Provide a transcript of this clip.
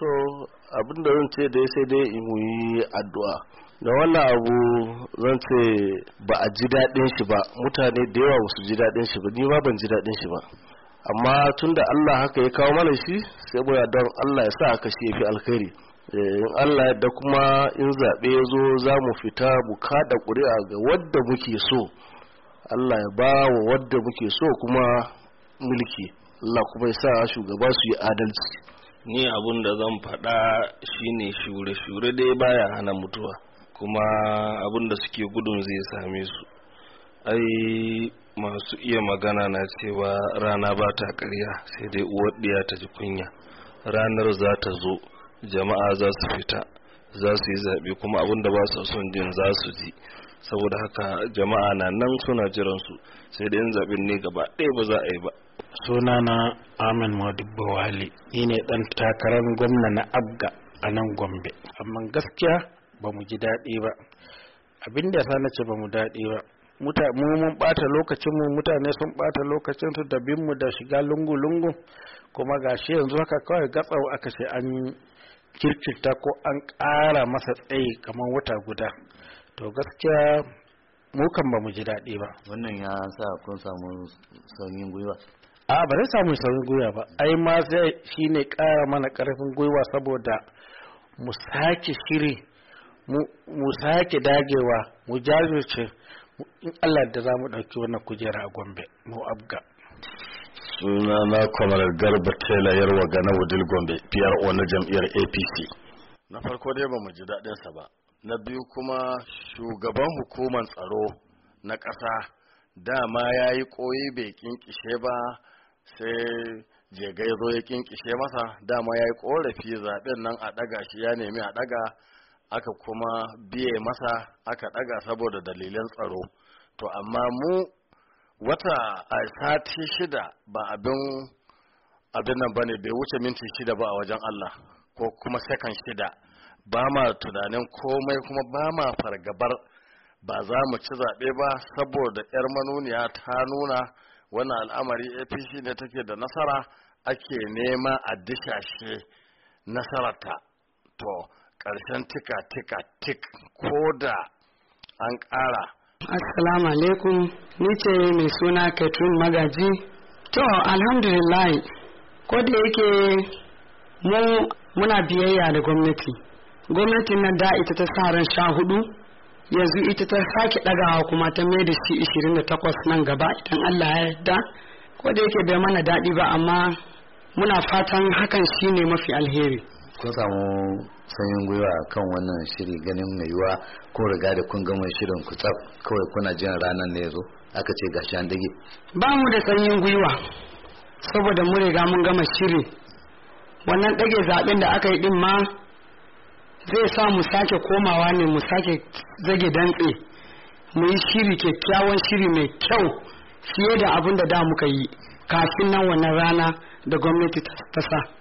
to abin da zan ce dai sai dai in yi addu'a da wannan abu zan ce ba a ji daɗin shi ba mutane da yawa su ji daɗin shi ba ni ma ban ji daɗin shi ba amma tun da Allah haka ya kawo mana shi sai muna don Allah ya sa haka shi ya fi alkhairi eh, in Allah da kuma in zaɓe ya zo za mu fita mu kaɗa ƙuri'a ga wadda muke so Allah ya ba wa wadda muke so kuma mulki Allah kuma ya sa shugaba su yi adalci ni abun da zan faɗa shine shure-shure dai baya hana mutuwa kuma abun da suke gudun zai same su ai masu iya magana na cewa rana ba ta ƙarya sai dai uwar ɗiya ta ji kunya ranar za ta zo jama'a za su fita za su yi zaɓe kuma abun da ba su son jin za su ji saboda haka jama'a na nan suna jiransu sai dai yin zaɓen ne gaba ɗaya ba za a yi ba sunana amin modibbo wali ni ne dan takarar gwamna na abga a nan gombe amma gaskiya ba mu ji daɗi ba abin da sana ce ba mu daɗi ba mu mun ɓata lokacinmu mutane sun ɓata lokacinsu da binmu da shiga lungu-lungu kuma gashi yanzu haka kawai gatsau aka ce an kirkirta ko an ƙara masa tsayi kamar wata guda to gaskiya mukan kan ba mu ji daɗi ba wannan ya sa kun samu sanyin gwiwa a ba zai samu saurin gwiwa ba ai ma zai shi ne ƙara mana karfin gwiwa saboda mu sake shiri mu sake dagewa mu jajirce in Allah da za mu ɗauki wannan kujera a Gombe mu abga suna na kwamar garba tela yarwa ga na wudil Gombe PRO na jam'iyyar APC na farko dai ba mu ji daɗinsa ba na biyu kuma shugaban hukumar tsaro na ƙasa dama ya yi koyi bai kinkishe ba sai je ya zo ya kinkishe masa dama ya yi korafi zaɓen nan a ɗaga shi ya nemi a ɗaga aka kuma biye masa aka ɗaga saboda dalilan tsaro to amma mu wata a sati shida ba abin abin nan bane bai wuce minti shida ba a wajen Allah ko kuma sakan shida ba ma tunanin komai kuma ba ma fargabar ba za mu ci zaɓe ba saboda 'yar manuniya ta nuna wannan al'amari apc ne take da nasara ake nema a dishashe nasararta to ƙarshen tika tika tik ko da an ƙara assalamu alaikum ni ce mai suna katrin magaji to alhamdulillah ko da yake mu muna biyayya da gwamnati gwamnati na da ita ta sa ran sha hudu yanzu ita ta sake ɗagawa kuma ta mai da shi takwas nan gaba idan Allah ya yarda ko da yake bai mana daɗi ba amma muna fatan hakan shi ne mafi alheri kun samu sanyin gwiwa kan wannan shiri ganin mai yiwa ko riga da kun gama shirin ku tsaf kawai kuna jin ranar ne yazo aka ce gashi an dage ba mu da sanyin gwiwa saboda mu riga mun gama shiri wannan dage zaben da aka yi din ma zai sa mu sake komawa ne mu sake zage dantse mu yi shiri kyakkyawan shiri mai kyau fiye da abin da da muka yi kafin nan wannan rana da gwamnati ta sa.